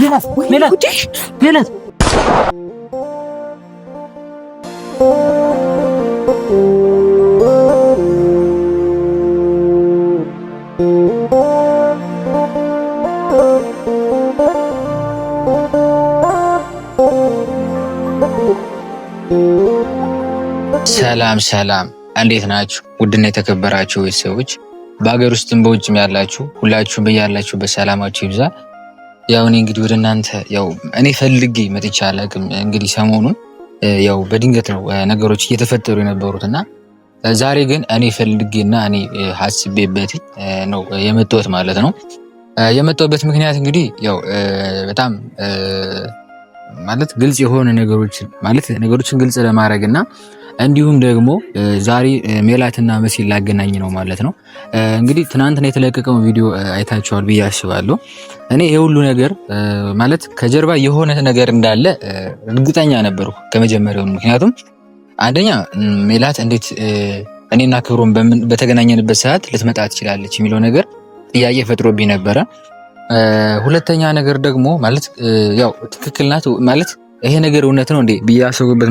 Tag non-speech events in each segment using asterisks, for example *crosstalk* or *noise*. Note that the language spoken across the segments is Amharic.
ሜላት ሜላት ሜላት ሰላም ሰላም፣ እንዴት ናችሁ? ውድና የተከበራችሁ ቤተሰቦች በሀገር ውስጥም በውጭም ያላችሁ ሁላችሁም በያላችሁ በሰላማችሁ ይብዛ። ያው እኔ እንግዲህ ወደ እናንተ ያው እኔ ፈልጌ መጥቻ አላውቅም። እንግዲህ ሰሞኑን ያው በድንገት ነው ነገሮች እየተፈጠሩ የነበሩት እና ዛሬ ግን እኔ ፈልጌና እኔ ሀስቤበት ነው የመጣሁት ማለት ነው። የመጣሁበት ምክንያት እንግዲህ ያው በጣም ማለት ግልጽ የሆነ ነገሮችን ማለት ነገሮችን ግልጽ ለማድረግ እና እንዲሁም ደግሞ ዛሬ ሜላትና መሲ ላገናኝ ነው ማለት ነው። እንግዲህ ትናንትና የተለቀቀው ቪዲዮ አይታችኋል ብዬ አስባለሁ። እኔ ይህ ሁሉ ነገር ማለት ከጀርባ የሆነ ነገር እንዳለ እርግጠኛ ነበሩ ከመጀመሪያው። ምክንያቱም አንደኛ ሜላት እንዴት እኔና ክብሮን በተገናኘንበት ሰዓት ልትመጣ ትችላለች የሚለው ነገር ጥያቄ ፈጥሮብኝ ነበረ። ሁለተኛ ነገር ደግሞ ማለት ያው ትክክል ናት ማለት ይሄ ነገር እውነት ነው እንዴ ብዬ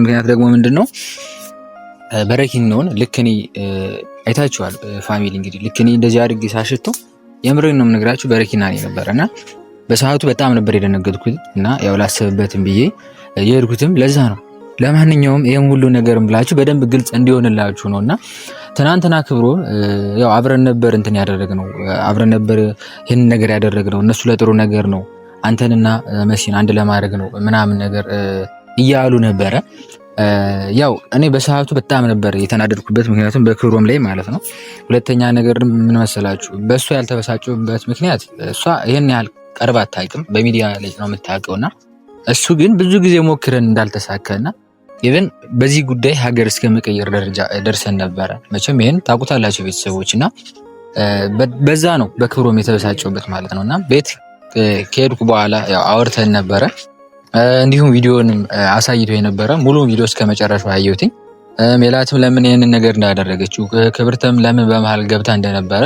ምክንያት ደግሞ ምንድን ነው በረኪናውን ነውን ልክ እኔ አይታችኋል ፋሚሊ እንግዲህ ልክ እኔ እንደዚህ አድርጌ ሳሽቶ የምሬን ነው የምነግራችሁ በረኪና ላይ ነበረ እና በሰዓቱ በጣም ነበር የደነገጥኩት እና ያው ላሰብበትም ብዬ የሄድኩትም ለዛ ነው። ለማንኛውም ይህም ሁሉ ነገር ብላችሁ በደንብ ግልጽ እንዲሆንላችሁ ነው እና ትናንትና ክብሮ ያው አብረን ነበር እንትን ነው አብረን ነበር ይህን ነገር ነው እነሱ ለጥሩ ነገር ነው አንተንና መሲን አንድ ለማድረግ ነው ምናምን ነገር እያሉ ነበረ ያው እኔ በሰዓቱ በጣም ነበር የተናደድኩበት፣ ምክንያቱም በክብሮም ላይ ማለት ነው። ሁለተኛ ነገር ምን መሰላችሁ፣ በእሷ ያልተበሳጨሁበት ምክንያት እሷ ይህን ያህል ቀርብ አታውቅም፣ በሚዲያ ላይ ነው የምታውቀውና እሱ ግን ብዙ ጊዜ ሞክረን እንዳልተሳካና ኢቨን በዚህ ጉዳይ ሀገር እስከ መቀየር ደረጃ ደርሰን ነበረ። መቼም ይህን ታውቁታላቸው ቤተሰቦች እና በዛ ነው በክብሮም የተበሳጨሁበት ማለት ነው እና ቤት ከሄድኩ በኋላ አውርተን ነበረ እንዲሁም ቪዲዮንም አሳይቶ የነበረ ሙሉ ቪዲዮ እስከ መጨረሻው ያየሁትኝ። ሜላትም ለምን ይህንን ነገር እንዳደረገችው ክብርትም ለምን በመሀል ገብታ እንደነበረ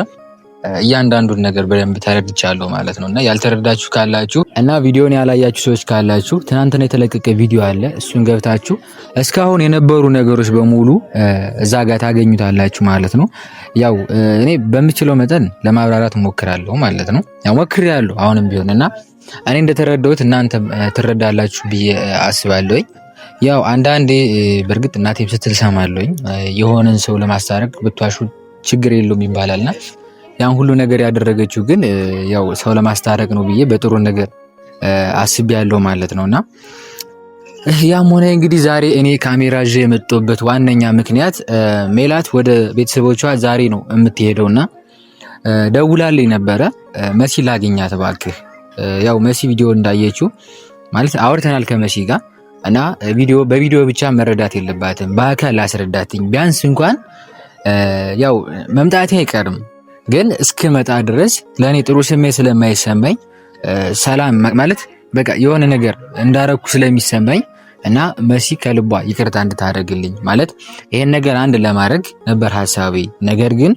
እያንዳንዱን ነገር በደንብ ተረድቻለሁ ማለት ነው። እና ያልተረዳችሁ ካላችሁ እና ቪዲዮን ያላያችሁ ሰዎች ካላችሁ ትናንትና የተለቀቀ ቪዲዮ አለ። እሱን ገብታችሁ እስካሁን የነበሩ ነገሮች በሙሉ እዛ ጋር ታገኙታላችሁ ማለት ነው። ያው እኔ በምችለው መጠን ለማብራራት ሞክራለሁ ማለት ነው። ያው ሞክሬያለሁ አሁንም ቢሆን እና እኔ እንደተረዳሁት እናንተ ትረዳላችሁ ብዬ አስባለሁኝ። ያው አንዳንዴ በእርግጥ እናቴም ስትል ሰማለሁኝ የሆነን ሰው ለማስታረቅ ብትዋሹ ችግር የለውም ይባላልና ያን ሁሉ ነገር ያደረገችው ግን ያው ሰው ለማስታረቅ ነው ብዬ በጥሩ ነገር ያለው ማለት እና ያም ሆነ እንግዲህ ዛሬ እኔ ካሜራ ይዤ የመጣሁበት ዋነኛ ምክንያት ሜላት ወደ ቤተሰቦቿ ዛሬ ነው እና ደውላልኝ ነበረ። መሲ ላገኛት እባክህ ያው መሲ ቪዲዮ እንዳየችው ማለት አውርተናል ከመሲ ጋር እና ቪዲዮ በቪዲዮ ብቻ መረዳት የለባትም በአካል አስረዳትኝ። ቢያንስ እንኳን ያው መምጣቴ አይቀርም ግን እስክመጣ ድረስ ለእኔ ጥሩ ስሜት ስለማይሰማኝ ሰላም ማለት በቃ የሆነ ነገር እንዳረኩ ስለሚሰማኝ እና መሲ ከልቧ ይቅርታ እንድታደርግልኝ ማለት ይሄን ነገር አንድ ለማድረግ ነበር ሀሳቤ። ነገር ግን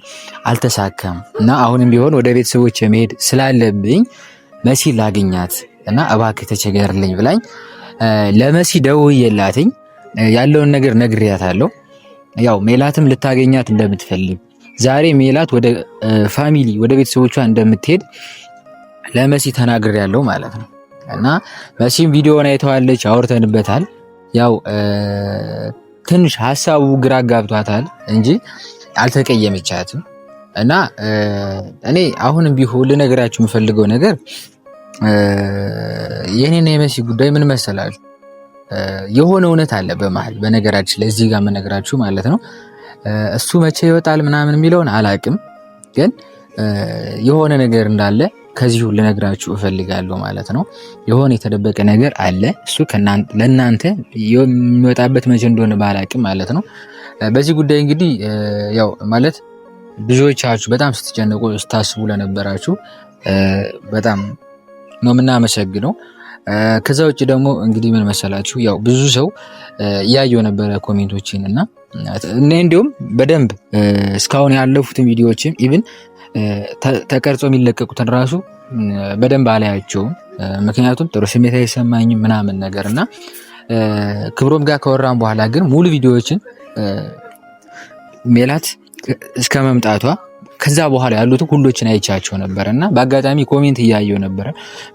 አልተሳካም እና አሁንም ቢሆን ወደ ቤተሰቦች መሄድ ስላለብኝ መሲ ላግኛት እና እባክህ ተቸገርልኝ ብላኝ ለመሲ ደውዬላትኝ ያለውን ነገር ነግሬያታለሁ። ያው ሜላትም ልታገኛት እንደምትፈልግ ዛሬ ሜላት ወደ ፋሚሊ ወደ ቤተሰቦቿ እንደምትሄድ ለመሲ ተናግሬያለሁ ማለት ነው። እና መሲም ቪዲዮውን አይተዋለች፣ አውርተንበታል። ያው ትንሽ ሀሳቡ ግራ ጋብቷታል እንጂ አልተቀየመቻትም። እና እኔ አሁንም ቢሆን ልነግራችሁ የምፈልገው ነገር የኔና የመሲ ጉዳይ ምን መሰላል፣ የሆነ እውነት አለ በመሀል። በነገራችን ላይ እዚህ ጋር የምነግራችሁ ማለት ነው እሱ መቼ ይወጣል ምናምን የሚለውን አላቅም፣ ግን የሆነ ነገር እንዳለ ከዚሁ ልነግራችሁ እፈልጋለሁ ማለት ነው። የሆነ የተደበቀ ነገር አለ። እሱ ለእናንተ የሚወጣበት መቼ እንደሆነ ባላቅም ማለት ነው። በዚህ ጉዳይ እንግዲህ ያው ማለት ብዙዎቻችሁ በጣም ስትጨንቁ ስታስቡ ለነበራችሁ በጣም ነው የምናመሰግነው። ከዛ ውጭ ደግሞ እንግዲህ ምን መሰላችሁ፣ ያው ብዙ ሰው እያየው ነበረ ኮሜንቶችን እና እንዲሁም በደንብ እስካሁን ያለፉትን ቪዲዮዎችን ኢቭን ተቀርጾ የሚለቀቁትን ራሱ በደንብ አላያቸውም። ምክንያቱም ጥሩ ስሜት አይሰማኝም ምናምን ነገር እና ክብሮም ጋር ከወራን በኋላ ግን ሙሉ ቪዲዮዎችን ሜላት እስከ መምጣቷ ከዛ በኋላ ያሉት ሁሎችን አይቻቸው ነበር እና በአጋጣሚ ኮሜንት እያየው ነበረ።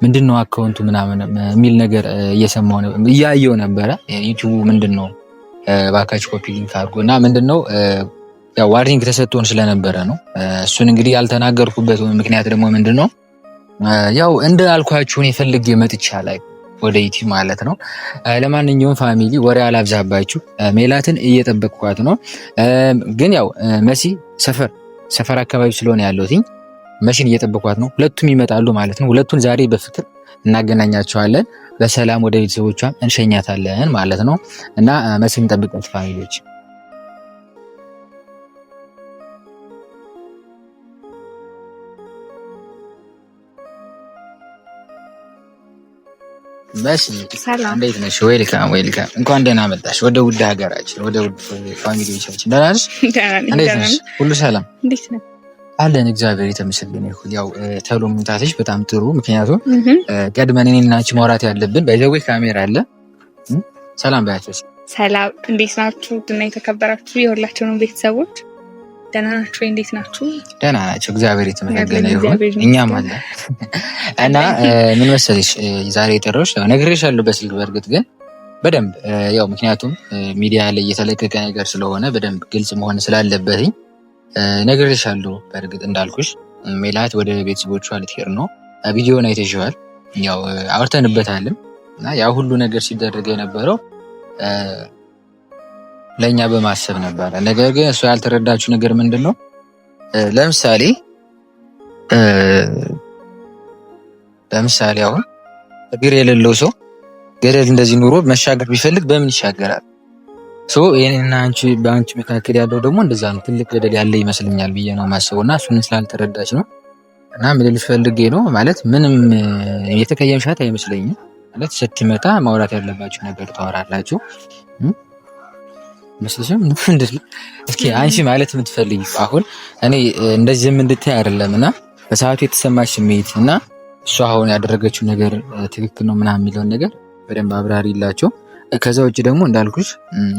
ምንድን ነው አካውንቱ ምናምን የሚል ነገር እየሰማው እያየው ነበረ። ዩቲቡ ምንድን ነው ባካችሁ ኮፒ ሊንክ አድርጎ እና ምንድን ነው ዋርኒንግ ተሰጥቶን ስለነበረ ነው። እሱን እንግዲህ ያልተናገርኩበት ምክንያት ደግሞ ምንድን ነው ያው አልኳችሁን የፈልግ መጥቻ ላይ ወደ ዩቲዩብ ማለት ነው። ለማንኛውም ፋሚሊ ወሬ አላብዛባችሁ፣ ሜላትን እየጠበቅኳት ነው። ግን ያው መሲ ሰፈር ሰፈር አካባቢ ስለሆነ ያለሁት መሲን እየጠበኳት ነው። ሁለቱም ይመጣሉ ማለት ነው። ሁለቱን ዛሬ በፍቅር እናገናኛቸዋለን። በሰላም ወደ ቤተሰቦቿም እንሸኛታለን ማለት ነው እና መሲን ጠብቀት ፋሚሊዎች መሲ እንዴት ነሽ? ዌልካም ዌልካም፣ እንኳን ደህና መጣሽ ወደ ውድ ሀገራችን፣ ወደ ውድ ፋሚሊዎቻችን። ደህና ነሽ? እንዴት ነሽ? ሁሉ ሰላም አለን። እግዚአብሔር የተመሰገነ ይሁን። ያው መምጣትሽ በጣም ጥሩ፣ ምክንያቱም ቀድመን አንቺ ማውራት ያለብን ካሜራ አለ። ሰላም በያቸው። ሰላም፣ እንዴት ናችሁ? ድና የተከበራችሁ የሁላችሁንም ቤተሰቦች ደህና ናቸው። እንዴት ናችሁ? ደህና ናቸው። እግዚአብሔር የተመሰገነ ይሁን። እኛም አለ እና ምን መሰለሽ ዛሬ የጠራሁሽ ነግሬሻለሁ በስልክ በእርግጥ ግን በደንብ ያው ምክንያቱም ሚዲያ ላይ የተለቀቀ ነገር ስለሆነ በደንብ ግልጽ መሆን ስላለበትኝ ነግሬሻለሁ። በእርግጥ እንዳልኩሽ ሜላት ወደ ቤተሰቦቿ ልትሄድ ነው። ቪዲዮን አይተሽዋል። ያው አውርተንበታልም እና ያ ሁሉ ነገር ሲደረግ የነበረው ለእኛ በማሰብ ነበረ። ነገር ግን እሱ ያልተረዳችው ነገር ምንድን ነው? ለምሳሌ ለምሳሌ አሁን እግር የሌለው ሰው ገደል እንደዚህ ኑሮ መሻገር ቢፈልግ በምን ይሻገራል? ይህንና አንቺ በአንቺ መካከል ያለው ደግሞ እንደዛ ነው። ትልቅ ገደል ያለ ይመስለኛል ብዬ ነው ማስበው እና እሱን ስላልተረዳች ነው እና ምልልሽ ፈልጌ ነው ማለት ምንም የተቀየምሻት አይመስለኝም ማለት ስትመጣ ማውራት ያለባችሁ ነገር ታወራላችሁ። መስለሽም ምንድን ነው? እስኪ አንቺ ማለት የምትፈልጊ አሁን እኔ እንደዚህ እንድታይ አይደለም እና በሰዓቱ የተሰማሽ ስሜት እና እሷ አሁን ያደረገችው ነገር ትክክል ነው ምናምን የሚለውን ነገር በደንብ አብራሪ ላቸው። ከዛ ውጭ ደግሞ እንዳልኩሽ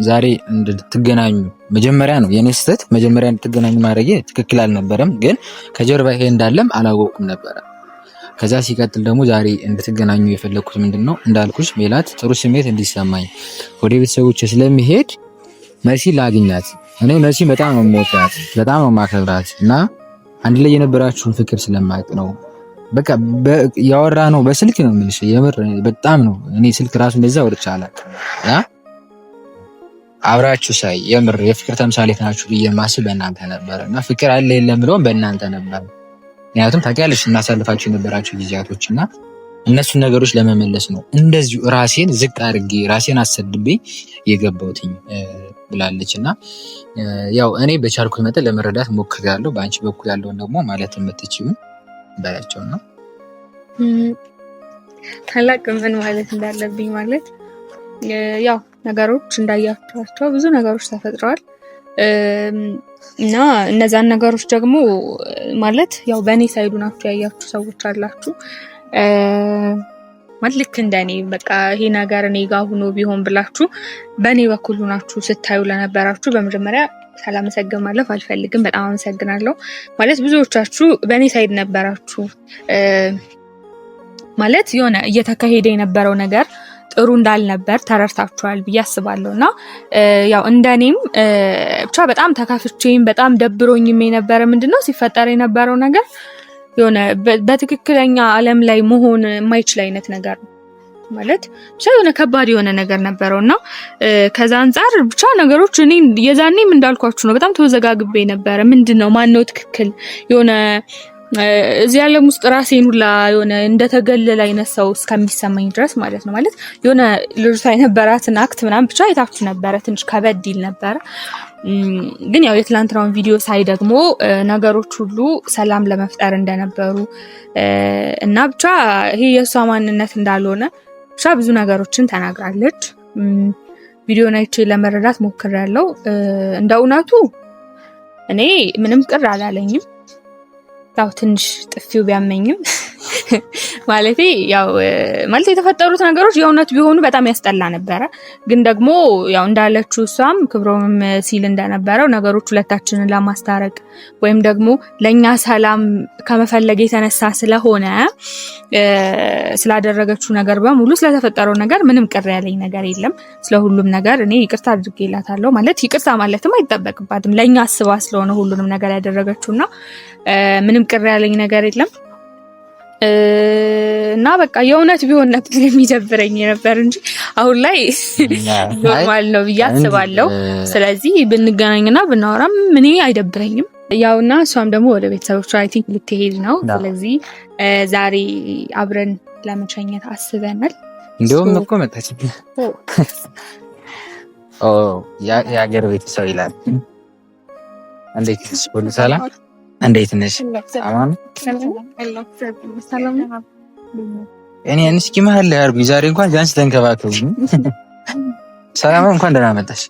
ዛሬ እንድትገናኙ መጀመሪያ ነው የኔ ስህተት፣ መጀመሪያ እንድትገናኙ ማድረጌ ትክክል አልነበረም፣ ግን ከጀርባ ይሄ እንዳለም አላወቅኩም ነበረ። ከዛ ሲቀጥል ደግሞ ዛሬ እንድትገናኙ የፈለግኩት ምንድን ነው እንዳልኩሽ ሜላት ጥሩ ስሜት እንዲሰማኝ ወደ ቤተሰቦች ስለሚሄድ መሲ ላግኛት። እኔ መሲ በጣም ነው የምወዳት፣ በጣም ነው የማከብራት እና አንድ ላይ የነበራችሁን ፍቅር ስለማቅ ነው በቃ ያወራ ነው በስልክ ነው የምልሽ። የምር በጣም ነው እኔ ስልክ ራሱ እንደዛ ወርቻ አላውቅም። አብራችሁ ሳይ የምር የፍቅር ተምሳሌት ናችሁ ብዬ ማስብ በእናንተ ነበር እና ፍቅር አለ የለም ብለውም በእናንተ ነበር። ምክንያቱም ታውቂያለሽ እናሳልፋቸው የነበራቸው ጊዜያቶች እና እነሱን ነገሮች ለመመለስ ነው እንደዚሁ ራሴን ዝቅ አድርጌ ራሴን አሰድቤ የገባሁትኝ። ብላለች እና ያው እኔ በቻልኩት መጠን ለመረዳት ሞክሬያለሁ። በአንቺ በኩል ያለውን ደግሞ ማለት የምትችይው በያቸው ነው። ታላቅ ምን ማለት እንዳለብኝ ማለት ያው ነገሮች እንዳያቸዋቸው ብዙ ነገሮች ተፈጥረዋል እና እነዛን ነገሮች ደግሞ ማለት ያው በእኔ ሳይዱ ናቸው ያያችሁ ሰዎች አላችሁ ማለት ልክ እንደኔ በቃ ይሄ ነገር እኔ ጋር ሁኖ ቢሆን ብላችሁ በእኔ በኩል ሆናችሁ ስታዩ ለነበራችሁ በመጀመሪያ ሳላመሰግን ማለፍ አልፈልግም። በጣም አመሰግናለሁ። ማለት ብዙዎቻችሁ በእኔ ሳይድ ነበራችሁ። ማለት የሆነ እየተካሄደ የነበረው ነገር ጥሩ እንዳልነበር ተረድታችኋል ብዬ አስባለሁ እና ያው እንደኔም ብቻ በጣም ተካፍቼም በጣም ደብሮኝም የነበረ ምንድነው ሲፈጠር የነበረው ነገር የሆነ በትክክለኛ ዓለም ላይ መሆን የማይችል አይነት ነገር ነው ማለት ብቻ የሆነ ከባድ የሆነ ነገር ነበረው እና ከዛ አንጻር ብቻ ነገሮች እኔ የዛኔም እንዳልኳችሁ ነው። በጣም ተወዘጋግቤ ነበረ። ምንድን ነው ማነው ትክክል የሆነ እዚህ ዓለም ውስጥ ራሴን ሁላ የሆነ እንደተገለለ አይነት ሰው እስከሚሰማኝ ድረስ ማለት ነው። ማለት የሆነ ልጅቷ የነበራትን አክት ምናምን ብቻ የታችሁ ነበረ፣ ትንሽ ከበድ ይል ነበረ። ግን ያው የትላንትናውን ቪዲዮ ሳይ ደግሞ ነገሮች ሁሉ ሰላም ለመፍጠር እንደነበሩ እና ብቻ ይሄ የእሷ ማንነት እንዳልሆነ ብቻ ብዙ ነገሮችን ተናግራለች። ቪዲዮ አይቼ ለመረዳት ሞክሬያለሁ። እንደ እውነቱ እኔ ምንም ቅር አላለኝም። ያው ትንሽ ጥፊው ቢያመኝም ማለት ያው ማለት የተፈጠሩት ነገሮች የእውነት ቢሆኑ በጣም ያስጠላ ነበረ። ግን ደግሞ ያው እንዳለችው እሷም ክብሮምም ሲል እንደነበረው ነገሮች ሁለታችንን ለማስታረቅ ወይም ደግሞ ለእኛ ሰላም ከመፈለግ የተነሳ ስለሆነ ስላደረገችው ነገር በሙሉ ስለተፈጠረው ነገር ምንም ቅር ያለኝ ነገር የለም። ስለ ሁሉም ነገር እኔ ይቅርታ አድርጌላታለሁ። ማለት ይቅርታ ማለትም አይጠበቅባትም ለእኛ አስባ ስለሆነ ሁሉንም ነገር ያደረገችውና ምንም ቅር ያለኝ ነገር የለም። እና በቃ የእውነት ቢሆን ነበር የሚደብረኝ የነበር እንጂ አሁን ላይ *laughs* ኖርማል ነው ብዬ አስባለሁ። ስለዚህ ብንገናኝና ብናወራም እኔ አይደብረኝም። ያውና እሷም ደግሞ ወደ ቤተሰቦች አይ ቲንክ ልትሄድ ነው። ስለዚህ ዛሬ አብረን ለመቻኘት አስበናል። እንዲሁም እኮ መጣች *laughs* የሀገር ቤተሰብ ይላል። እንዴት ሁሉ ሰላም እንዴት ነሽ? እኔ እስኪ መሀል ላይ አድርጉኝ። ዛሬ እንኳን ቢያንስ ተንከባከቡ። ሰላም እንኳን ደህና መጣሽ።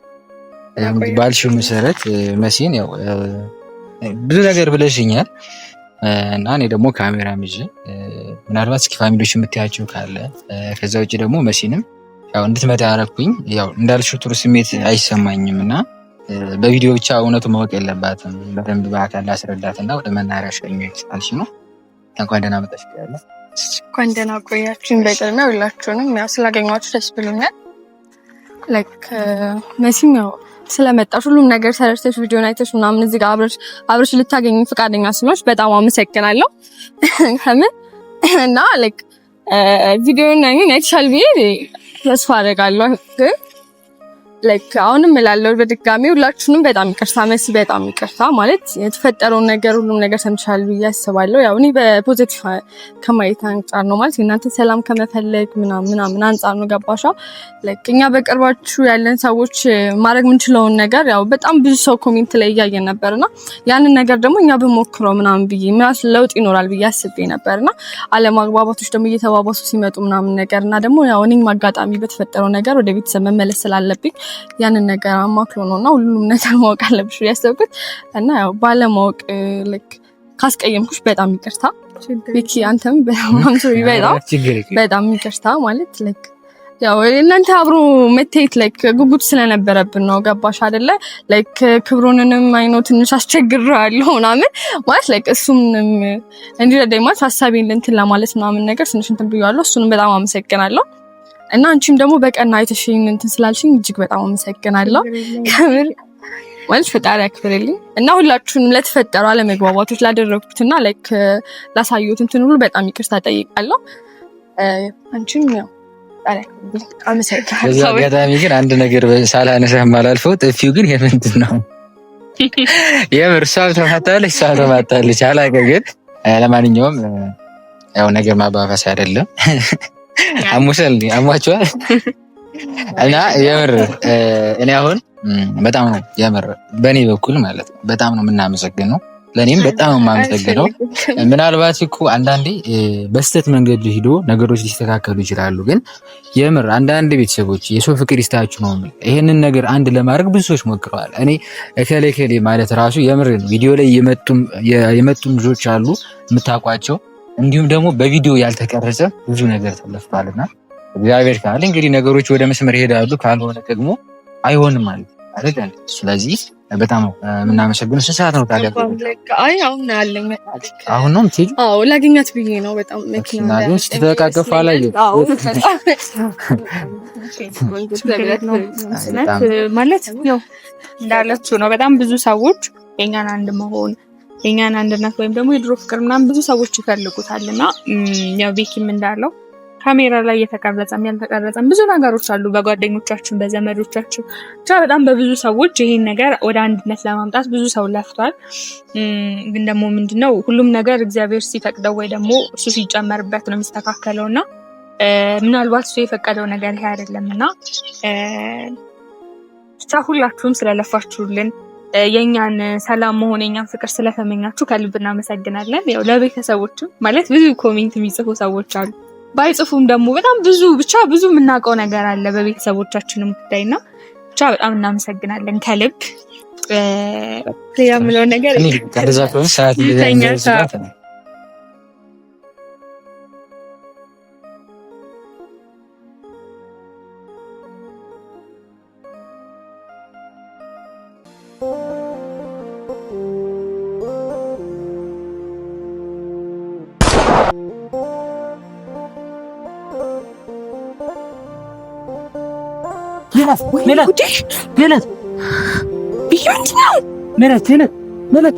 ባልሽው መሰረት መሲን ያው ብዙ ነገር ብለሽኛል እና እኔ ደግሞ ካሜራ ይዤ ምናልባት እስኪ ፋሚሊዎች የምታያቸው ካለ ከዛ ውጭ ደግሞ መሲንም ያው እንድትመጣ ያደረኩኝ ያው እንዳልሽው ጥሩ ስሜት አይሰማኝም እና በቪዲዮ ብቻ እውነቱ ማወቅ የለባትም። በደንብ በአካል ላስረዳት እና ወደ መናሪያ ሸኞ አልሽ ነው። እንኳን ደህና መጣሽ ያለ እንኳን ደህና ቆያችሁኝ። በቅድሚያ ሁላችሁንም ያው ስላገኘኋችሁ ደስ ብሎኛል። ላይክ uh, መሲም ያው ስለመጣሽ ሁሉም ነገር ሰርተሽ ቪዲዮ አይተሽ ምናምን እዚህ ጋር አብረሽ አብረሽ ልታገኝ ፈቃደኛ ስለሆንሽ በጣም አመሰግናለሁ። *laughs* ከምን እና ላይክ uh, ቪዲዮን አይተሻል ብዬ ተስፋ አደርጋለሁ ግን ላይክ አሁንም እላለሁ በድጋሚ ሁላችሁንም በጣም ይቅርታ መሲ፣ በጣም ይቅርታ ማለት የተፈጠረውን ነገር ሁሉም ነገር ሰምቻለሁ ብዬ አስባለሁ። ያው እኔ በፖዚቲቭ ከማየት አንጻር ነው ማለት እናንተ ሰላም ከመፈለግ ምናምን አንጻር ነው ገባሻ። ላይክ እኛ በቅርባችሁ ያለን ሰዎች ማድረግ የምንችለውን ነገር ያው በጣም ብዙ ሰው ኮሜንት ላይ እያየን ነበርና ያንን ነገር ደግሞ እኛ ብሞክረው ምናምን ብዬ ምናስ ለውጥ ይኖራል ብዬ አስቤ ነበር እና አለማግባባቶች ደግሞ እየተባባሱ ሲመጡ ምናምን ነገር እና ደግሞ ያው እኔም አጋጣሚ በተፈጠረው ነገር ወደ ቤተሰብ መመለስ ስላለብኝ ያንን ነገር አማክሎ ነው እና ሁሉም ነገር ማወቅ አለብሽ ያሰብኩት እና ያው ባለማወቅ ልክ ካስቀየምኩሽ በጣም ይቅርታ ቤኪ፣ አንተም በጣም በጣም ይቅርታ ማለት ልክ ያው እናንተ አብሮ መታየት ላይክ ጉጉት ስለነበረብን ነው። ገባሽ አደለ? ላይክ ክብሩንንም አይኖ ትንሽ አስቸግሬዋለሁ ምናምን ማለት ላይክ እሱንም እንዲረዳኝ ማለት ሀሳቤን እንትን ለማለት ምናምን ነገር ትንሽ እንትን ብያለሁ። እሱንም በጣም አመሰግናለሁ። እና አንቺም ደግሞ በቀና አይተሽኝ እንትን ስላልሽኝ እጅግ በጣም አመሰግናለሁ። ከምር ማለት ፈጣሪ ያክብርልኝ እና ሁላችሁንም ለተፈጠሩ አለመግባባቶች ላደረግኩትና ላይክ ላሳየሁት እንትን ሁሉ በጣም ይቅርታ ጠይቃለሁ። አንቺም ያው በዛ አጋጣሚ ግን አንድ ነገር ሳላነሳ ማላልፈው ጥፊው ግን የምንድን ነው? የምር እሷም ተማታለች፣ እሷ ተማታለች። አላውቅም ግን ለማንኛውም ያው ነገር ማባፈስ አይደለም። *laughs* አሞሻል እንዴ? አሟቸዋል። *laughs* እና የምር እኔ አሁን በጣም ነው የምር በእኔ በኩል ማለት ነው በጣም ነው የምናመሰግነው። ለእኔም በጣም ነው የማመሰግነው። ምናልባት እኮ አንዳንዴ በስተት መንገድ ሂዶ ነገሮች ሊስተካከሉ ይችላሉ። ግን የምር አንዳንድ ቤተሰቦች የሰው ፍቅር ይስታችሁ ነው። ይሄንን ነገር አንድ ለማድረግ ብዙ ሰዎች ሞክረዋል። እኔ እከሌ እከሌ ማለት ራሱ የምር ቪዲዮ ላይ የመጡም ብዙዎች አሉ የምታውቋቸው እንዲሁም ደግሞ በቪዲዮ ያልተቀረጸ ብዙ ነገር ተለፍቷልና እግዚአብሔር ካለ እንግዲህ ነገሮች ወደ መስመር ይሄዳሉ፣ ካልሆነ ደግሞ አይሆንም ማለት ማለት ስለዚህ በጣም የምናመሰግነው። ስንት ሰዓት ነው ታዲያ? አሁን ነው የምትሄጂው? አዎ ላገኛት ብዬ ነው። በጣም ስትተቃቀፉ አላየሁም *laughs* ማለት ያው እንዳለችው ነው። በጣም ብዙ ሰዎች የኛን አንድ መሆን የኛን አንድነት ወይም ደግሞ የድሮ ፍቅር ምናምን ብዙ ሰዎች ይፈልጉታል እና ያው ቤኪም እንዳለው ካሜራ ላይ የተቀረጸም ያልተቀረጸም ብዙ ነገሮች አሉ። በጓደኞቻችን፣ በዘመዶቻችን ብቻ በጣም በብዙ ሰዎች ይህን ነገር ወደ አንድነት ለማምጣት ብዙ ሰው ለፍቷል። ግን ደግሞ ምንድነው ሁሉም ነገር እግዚአብሔር ሲፈቅደው ወይ ደግሞ እሱ ሲጨመርበት ነው የሚስተካከለው እና ምናልባት እሱ የፈቀደው ነገር ይሄ አይደለም እና ብቻ ሁላችሁም ስለለፋችሁልን የእኛን ሰላም መሆን የኛን ፍቅር ስለተመኛችሁ ከልብ እናመሰግናለን። ያው ለቤተሰቦችም ማለት ብዙ ኮሜንት የሚጽፉ ሰዎች አሉ። ባይጽፉም ደግሞ በጣም ብዙ ብቻ ብዙ የምናውቀው ነገር አለ በቤተሰቦቻችንም ጉዳይና ብቻ በጣም እናመሰግናለን ከልብ ሌላ የምለው ነገር Ja, veel dicht. Binnen. Wie jongen? Meneer Tinnen. Meneer.